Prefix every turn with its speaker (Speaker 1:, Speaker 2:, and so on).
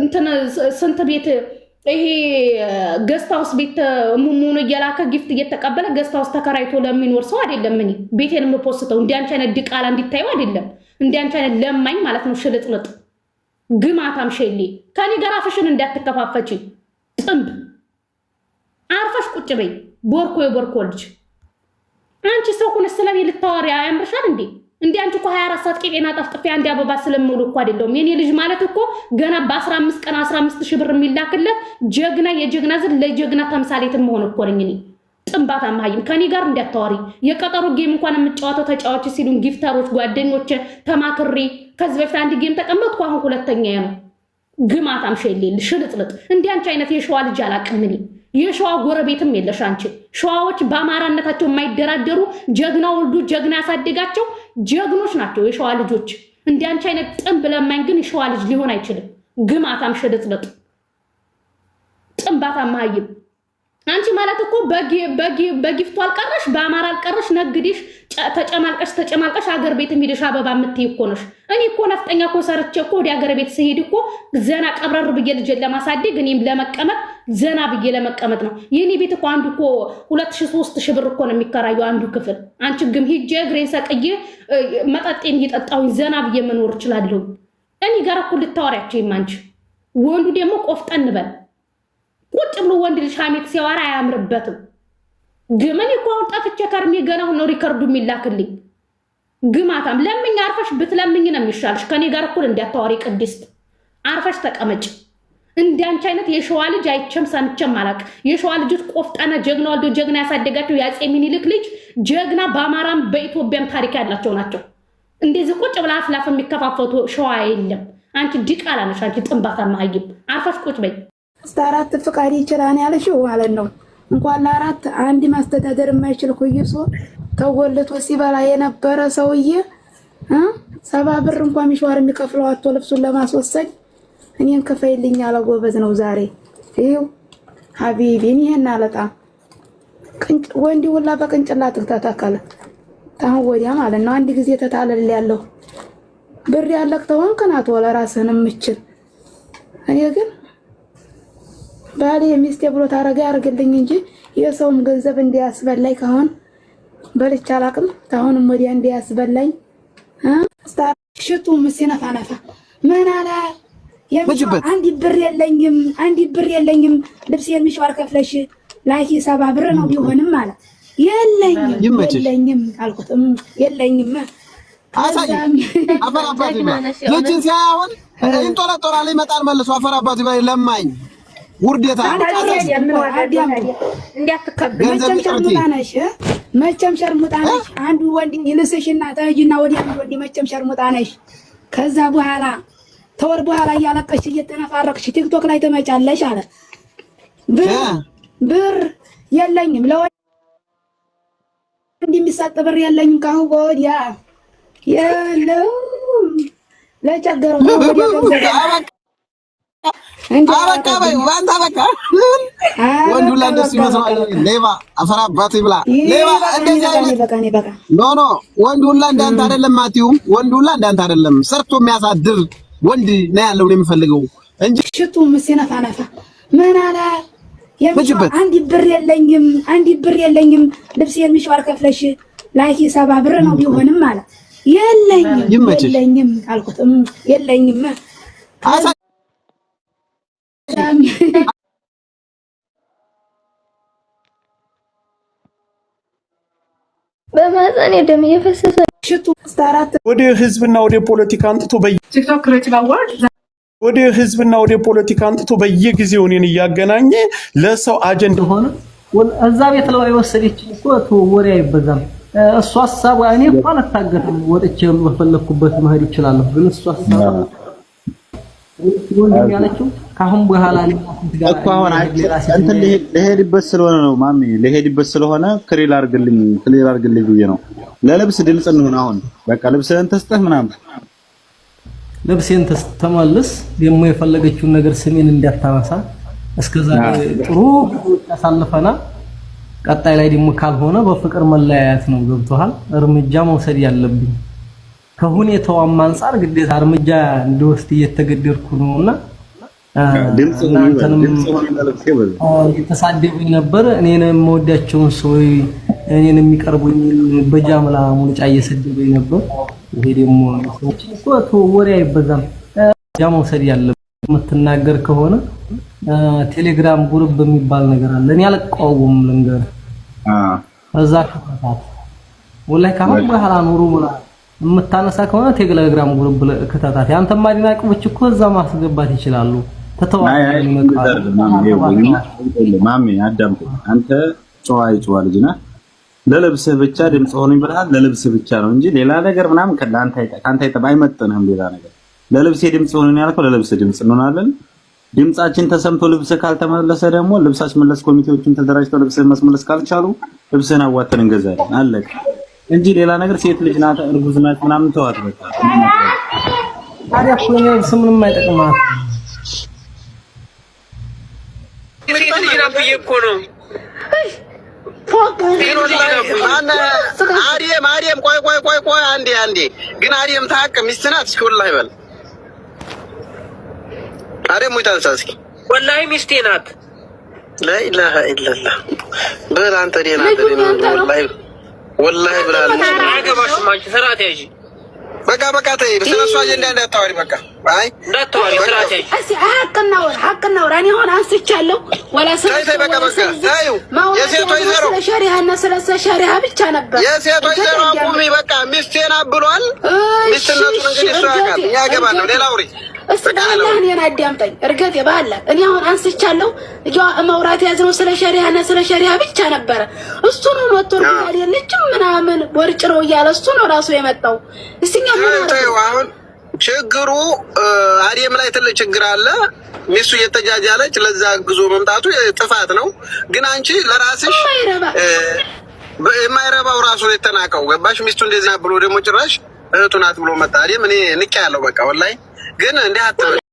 Speaker 1: እንትን ስንት ቤት ይሄ ገስት ቤት ሙሙኑ እየላከ ጊፍት እየተቀበለ ገስት ተከራይቶ ለሚኖር ሰው አይደለም። እኔ ቤቴን የምፖስተው እንዲ አይነት ድቃላ እንዲታዩ አይደለም። እንዲ አይነት ለማኝ ማለት ነው። ሽልጥልጥ ግማታም ሼሌ ከኔ ጋር አፍሽን እንዳትከፋፈች ጥንብ አርፈሽ ቁጭ በይ። ቦርኮ የቦርኮ ልጅ አንቺ ሰው ሁነሽ ስለኔ ልታወሪ አያምርሻል እንዴ? እንዴ አንቺ እኮ 24 ሰዓት ቄጤና ጠፍጥፌ አንድ አበባ ስለምውል እኮ አይደለም የኔ ልጅ ማለት እኮ ገና በ15 ቀን 15 ሺህ ብር የሚላክለት ጀግና የጀግና ዝን ለጀግና ተምሳሌት መሆን እኮ ነኝ እኔ። ጥንባት አማሃይም ከኔ ጋር እንዳታወሪ። የቀጠሮ ጌም እንኳን የምጫወተው ተጫዋች ሲሉን ጊፍተሮች ጓደኞች ተማክሬ ከዚህ በፊት አንድ ጌም ተቀመጥኩ። አሁን ሁለተኛ ነው። ግማታም ሸሌል ሽልጥልጥ እንዲህ አንቺ አይነት የሸዋ ልጅ አላቅም እኔ። የሸዋ ጎረቤትም የለሽ አንቺ። ሸዋዎች በአማራነታቸው የማይደራደሩ ጀግና ወልዱ ጀግና ያሳደጋቸው ጀግኖች ናቸው የሸዋ ልጆች። እንዲህ አንቺ አይነት ጥንብ ለማኝ ግን የሸዋ ልጅ ሊሆን አይችልም። ግማታም ሸለጥለጥ ጥንባታም መሀይም አንቺ ማለት እኮ በጊፍቱ አልቀረሽ በአማራ አልቀረሽ ነግድሽ ተጨማልቀሽ ተጨማልቀሽ አገር ቤት ሄደሽ አበባ የምትይ እኮ ነሽ። እኔ እኮ ነፍጠኛ እኮ ሰርቼ እኮ ወደ አገር ቤት ስሄድ እኮ ዘና ቀብረር ብዬ ለማሳደግ እኔም ለመቀመጥ ዘና ብዬ ለመቀመጥ ነው። የኔ ቤት እኮ አንዱ እኮ ሁለት ሺ ሶስት ሺ ብር እኮ ነው የሚከራዩ አንዱ ክፍል። አንቺ ግም ሂጄ እግሬን ሰቅዬ መጠጤን እየጠጣሁኝ ዘና ብዬ መኖር እችላለሁ። እኔ ጋር እኮ ልታወሪያቸው አንቺ። ወንዱ ደግሞ ቆፍጠን በል ቁጭ ብሎ ወንድ ልጅ ሐሜት ሲያወራ አያምርበትም። ግም እኮ አሁን ጠፍቼ ከርሜ ገና አሁን ነው ሪከርዱ የሚላክልኝ። ግማታም ለምኝ፣ አርፈሽ ብትለምኝ ነው የሚሻልሽ። ከኔ ጋር እኩል እንዳታወሪ ቅድስት፣ አርፈሽ ተቀመጭ። እንዳንቺ አይነት የሸዋ ልጅ አይቸም ሰምቼም አላቅ። የሸዋ ልጆች ቆፍጣና ጀግና ወልዶ ጀግና ያሳደጋቸው የአፄ ሚኒልክ ልጅ ጀግና በአማራም በኢትዮጵያም ታሪክ ያላቸው ናቸው። እንደዚህ ቁጭ ብላ አፍላፍ የሚከፋፈቱ ሸዋ የለም። አንቺ ዲቃላ ነሽ። አንቺ ጥንባታ ማይም አርፋሽ ቁጭ በይ።
Speaker 2: እስከ አራት ፍቃድ ይችላል ያለሽው ማለት ነው። እንኳን ለአራት አንድ ማስተዳደር የማይችል ኩይሶ ተወልቶ ሲበላ የነበረ ሰውዬ ሰባ ብር እንኳን ሚሸዋር የሚከፍለው አቶ ልብሱን ለማስወሰድ እኔም ከፈይልኝ አለ ጎበዝ ነው ዛሬ። ይኸው ሀቢቢን ይሄን አለጣ ወንድ ሁላ በቅንጭላት ተተከለ። ታሁን ወዲያ ማለት ነው አንድ ጊዜ ተታለል ያለው ብር ያለቅ ከናት ወለ ራስህን የምችል እኔ ግን ባሌ የሚስቴ ብሎ ታረጋ ያርግልኝ እንጂ የሰውም ገንዘብ እንዲያስበላኝ ካሁን በልቻ አላቅም። ታሁንም ወዲያ እንዲያስበላኝ ምስ ሽቱ ነፋ ምን አለ አንድ ብር የለኝም፣ አንድ ብር የለኝም፣ ልብስ የሚሸዋል ከፍለሽ ላኪ ሰባ ብር ነው ቢሆንም ማለት የለኝም፣ የለኝም አልኩትም፣ የለኝም
Speaker 3: አፈር አባት ይባል ልጅን ይመጣል መልሶ አፈር አባት ለማኝ ውርዴታ
Speaker 2: መቸም ሸርሙጣ ነሽ፣ ሸርሙጣ ነሽ። አንዱ ወንድ ይልስሽና ተጅና ወዲያ ወንድ መቸም ሸርሙጣ ነሽ። ከዛ በኋላ ተወር በኋላ እያለቀሽ እየተነፋረቅሽ ቲክቶክ ላይ ትመጫለሽ አለ። ብር ብር የለኝም ለወንድ የሚሰጥ ብር የለኝም። ካሁን ወዲያ የለው ለቸገረው ወንድ
Speaker 3: ሁላ እንዳንተ አይደለም። ማቲው ወንድ ሁላ እንዳንተ አይደለም። ሰርቶ የሚያሳድር ወንድ ነው ያለው ነው የሚፈልገው
Speaker 2: እንጂ ሽጡ ምስናፋ ናፋ ምን አለ አንድ ብር የለኝም፣ አንድ ብር የለኝም። ልብስ የሚሸዋል ከፍለሽ ላኪ ሰባ ብር ነው ቢሆንም አለ የለኝም፣ የለኝም አልኩት። የለኝም በማዘን ደም እየፈሰሰ ሽጡ ስታራት
Speaker 3: ወደ ህዝብና ወደ ፖለቲካ አንጥቶ በየ
Speaker 2: ቲክቶክ ክሬቲቭ አዋርድ
Speaker 3: ወደ ህዝብና ወደ ፖለቲካ አንጥቶ በየጊዜው እኔን እያገናኘ ለሰው አጀንዳ
Speaker 4: ሆነ። እዛ ቤት ላይ የወሰደችኝ እኮ ወሬ አይበዛም። እሱ ሀሳብ እኔ እኮ አልታገድም፣ ወጥቼ በፈለግኩበት መሄድ እችላለሁ። ግን እሱ ሀሳብ ያለችው ከአሁን በኋላ
Speaker 3: እኮ አሁን እንትን ልሄድበት ስለሆነ ነው ማሚ፣ ልሄድበት ስለሆነ ክሊር አድርግልኝ፣ ክሊር አድርግልኝ ብዬ ነው። ለልብስ ድምፅ እንሆን አሁን በቃ ልብስህን ተስጠህ ምናምን
Speaker 4: ነፍሴን ተመልስ ደግሞ የፈለገችውን ነገር ስሜን እንዳታነሳ። እስከዛ ጥሩ ያሳልፈና ቀጣይ ላይ ደግሞ ካልሆነ በፍቅር መለያየት ነው። ገብቶሃል? እርምጃ መውሰድ ያለብኝ ከሁኔታዋም አንፃር ግዴታ እርምጃ እንድወስድ እየተገደድኩ ነውና ድምጽ ነው ነበር እኔን የምወዳቸውን ሰው እኔን የሚቀርቡኝ በጃምላ ሙልጫ እየሰደበኝ ነበር። ይሄ ደግሞ ቆቶ ወሬ አይበዛም። ጃ መውሰድ ያለብህ የምትናገር ከሆነ ቴሌግራም ጉሩብ በሚባል ነገር አለ። እኔ አልቃወምም ልንገርህ። እዛ ከፈታት ወላሂ ካሁን በኋላ ኑሩ ብላ የምታነሳ ከሆነ ቴሌግራም ጉሩብ ክተታት። ያንተም አድናቂዎች እኮ እዛ ማስገባት ይችላሉ።
Speaker 3: ተተዋውቀው ይመጣሉ። ማሜ አዳምኩ አንተ ጨዋ ጨዋ ልጅ ነህ ለልብስ ብቻ ድምፅ ሆነኝ ብለሃል። ለልብስ ብቻ ነው እንጂ ሌላ ነገር ምናምን ከላንተ አይጠ ካንተ አይጠብ አይመጥንህም። ሌላ ነገር ለልብስህ ድምፅ ሆነኝ ያልከው ለልብስህ ድምፅ እንሆናለን። ድምጻችን ተሰምቶ ልብስ ካልተመለሰ ደግሞ ልብስ አስመለስ ኮሚቴዎችን ተደራጅተው ልብስ ማስመለስ ካልቻሉ ልብስህን አዋተን እንገዛለን አለቅ እንጂ ሌላ ነገር ሴት ልጅ ናት እርጉዝ ናት ምናምን ተዋት በቃ።
Speaker 4: ታዲያ ሁሉም ልብስ ምንም አይጠቅም ማለት ሴት
Speaker 5: ልጅ ናት ብዬሽ እኮ ነው አዴም አዴም፣ ቆይ ቆይ ቆይ ቆይ፣ አንዴ አንዴ። ግን አዴም ታቅ ሚስት ናት። እስኪ ወላሂ በል አዴም ሙይታንሳ፣ እስኪ
Speaker 6: ወላሂ ሚስቴ ናት።
Speaker 5: ላኢላሀ ኢለላህ በል አንተ። ዴና ወላሂ ብላለች።
Speaker 6: አያገባሽም አንቺ ስርዓት ያዥ
Speaker 5: በቃ በቃ ተይ፣ ስለሱ አጀንዳ እንዳታወሪ። በቃ አይ
Speaker 6: እንዳታወሪ። ስራቴ
Speaker 2: እሺ፣ ሀቅና ወራ ሀቅና ወራ እኔ ሆነ አንስቻለሁ። ወላ ስራ
Speaker 5: ተይ፣ በቃ በቃ ተይ።
Speaker 2: የሴቷ ይዘሮ ስለ እና ስለ ሸሪሃ ብቻ ነበር።
Speaker 5: የሴቷ ይዘሮ አቁሚ። በቃ ሚስቴና ብሏል። ሚስትነቱን እንግዲህ እሱ ያውቃል። ያገባል ነው ሌላ አውሪ
Speaker 2: እስቲ በአላህ እኔን አዳምጠኝ። እርገት በአላህ እኔ አሁን አንስቻለሁ። እያ መውራት ያዝነው ስለ ሸሪያ እና ስለ ሸሪያ ብቻ ነበረ። እሱ ነው ወጥቶ ያል የለችም ምናምን ወርጭ ነው እያለ እሱ ነው ራሱ የመጣው። እስቲኛ
Speaker 5: አሁን ችግሩ አዲየም ላይ ትልቅ ችግር አለ። ሚስቱ እየተጃጃለች ለዛ ግዞ መምጣቱ ጥፋት ነው። ግን አንቺ ለራስሽ የማይረባው ራሱ ነው የተናቀው። ገባሽ? ሚስቱ እንደዚህ ብሎ ደግሞ ጭራሽ እህቱ ናት ብሎ መጣ። እኔ ንቄ ያለው በቃ ወላሂ ግን እንዲህ